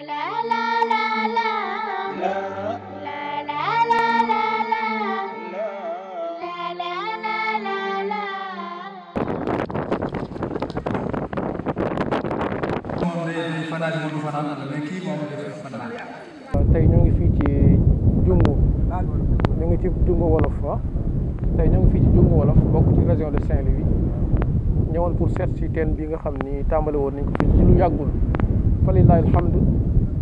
tey ñu ngi fii ci Jumbo ñu ngi ci Jumbo Wolof wa tey ñu ngi fii ci Jumbo Wolof bokk ci région de Saint-Louis ñëwoon pour seet si teen bi nga xam ni tàmbali woon nañ ko fii ci lu yàggul falilahi alhamdu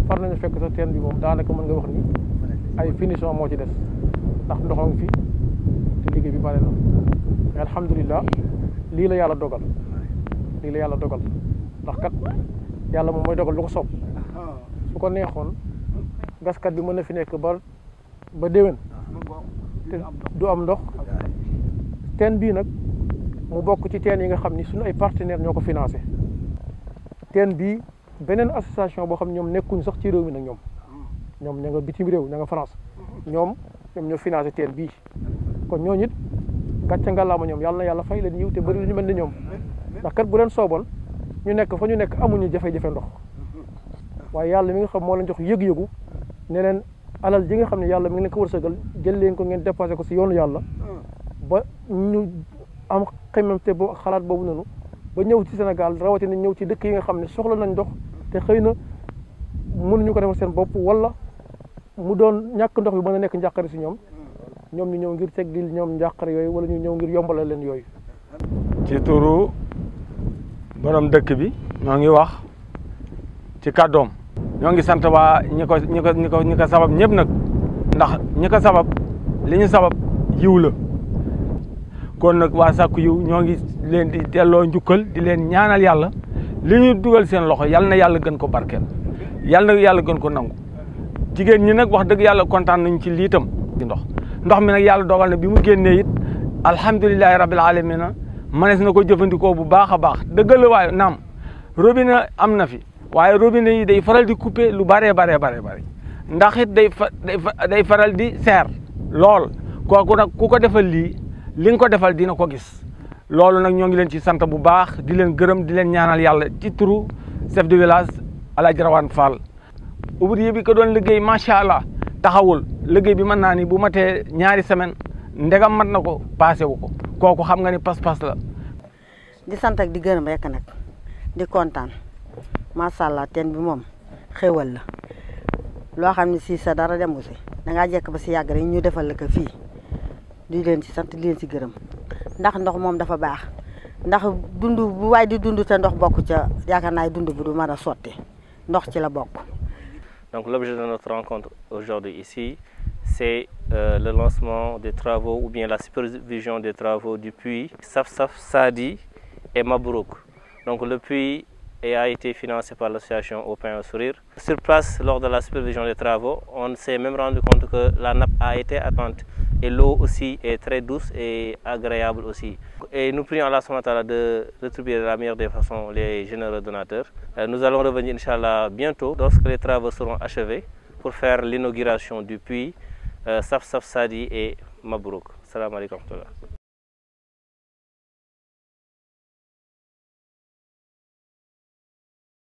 far nañu fekk sa teen bi moom daanaka mën nga wax ni ay finition moo ci des ndax ndoxoon fi te liggéey bi bare na mais alhamdulilah lii la yàlla dogal lii la yàlla dogal ndax kat yàlla moom mooy dogal lu ko soob su ko neexoon gaskat bi mën na fi nekk ba ba déwén te du am ndox teen bii nag mu bokk ci teen yi nga xam ni suñu ay partenaires ñoo ko financé teen bii beneen association boo xam ñoom nekkuñ sax ci réew mi nag ñoom ñoom ña nga bitim réew ña nga France ñoom ñoom ñoo financé teen bii kon ñooñu it gàcce ngàllaama ñoom yàlla yàlla fay leen yiw te bëri lu ñu mel ni ñoom ndax bu leen sooboon ñu nekk fa ñu nekk amuñu jafe-jafe ndox waaye yàlla mi nga xam moo leen jox yëg-yëgu ne leen alal ji nga xam ne yàlla mi ngi leen ko wërsëgal jël leen ko ngeen dépassé ko si yoonu yàlla ba ñu am xemante boobu xalaat boobu noonu ba ñëw ci Sénégal rawatina ñëw ci dëkk yi nga xam ne soxla nañ ndox te xëy na mënuñu ko defal seen bopp walla mu doon ñàkk ndox bi mën a nekk njàqare si ñoom ñoom ñu ñëw ngir teggil ñoom njàqare yooyu wala ñu ñëw ngir yombalal leen yooyu. ci turu borom dëkk bi ñoo ngi wax ci kàddoom. ñoo ngi sant waa ñi ko ko ñi sabab ñëpp nag ndax ñi ko sabab li ñu sabab yiw la kon nag waa sàkku yiw ñoo ngi leen di delloo njukkal di leen ñaanal yàlla. li ñuy dugal seen loxo yal na yàlla gën ko barkeel yal na yàlla gën ko nangu jigéen ñi nag wax dëgg yàlla kontaan nañ ci liitam tam ndox ndox mi nag yàlla dogal na bi mu génnee it alhamdulilahi rabil alamina manees na ko jëfandikoo bu baax a baax dëgg la waaye naam robinet am na fi waaye robinet yi day faral di couper lu baree baree baree bare ndax it day fa day faral di seer lool kooku nag ku ko defal lii li nga ko defal dina ko gis loolu nag ñoo ngi leen ci sant bu baax di leen gërëm di leen ñaanal yàlla ci turu chef de village Alaaji Rawaan Fall ouvrier bi ko doon liggéey macha allah taxawul liggéey bi mën naa ni bu matee ñaari semaine ndegam mat na ko passé wu ko kooku xam nga ni pas-pas la di sant ak di gërëm rek nag di kontaan macha allah teen bi moom xéwal la loo xam ne si sa dara dem demu si dangaa jekk ba si yàgg rek ñu defal la ko fii di leen ci sant di leen ci gërëm ndax ndox moom dafa baax ndax dund bu waay di dund te ndox bokk ca yaakaar naa dund bu du mën sotti ndox ci la bokk. Donc l'objet de notre rencontre aujourd'hui ici, c'est euh, le lancement des travaux ou bien la supervision des travaux du puits Safsaf Sadi et Mabrouk. Donc le puits a été financé par l'association Au Pain au Sourire. Sur place, lors de la supervision des travaux, on s'est même rendu compte que la nappe a été atteinte et l'eau aussi est très douce et agréable aussi. Et nous prions Allah de rétribuer de la meilleure des façons les généreux donateurs. Euh, nous allons revenir Inch'Allah bientôt lorsque les travaux seront achevés pour faire l'inauguration du puits euh, Saf Saf Sadi et Mabrouk. Salam alaikum.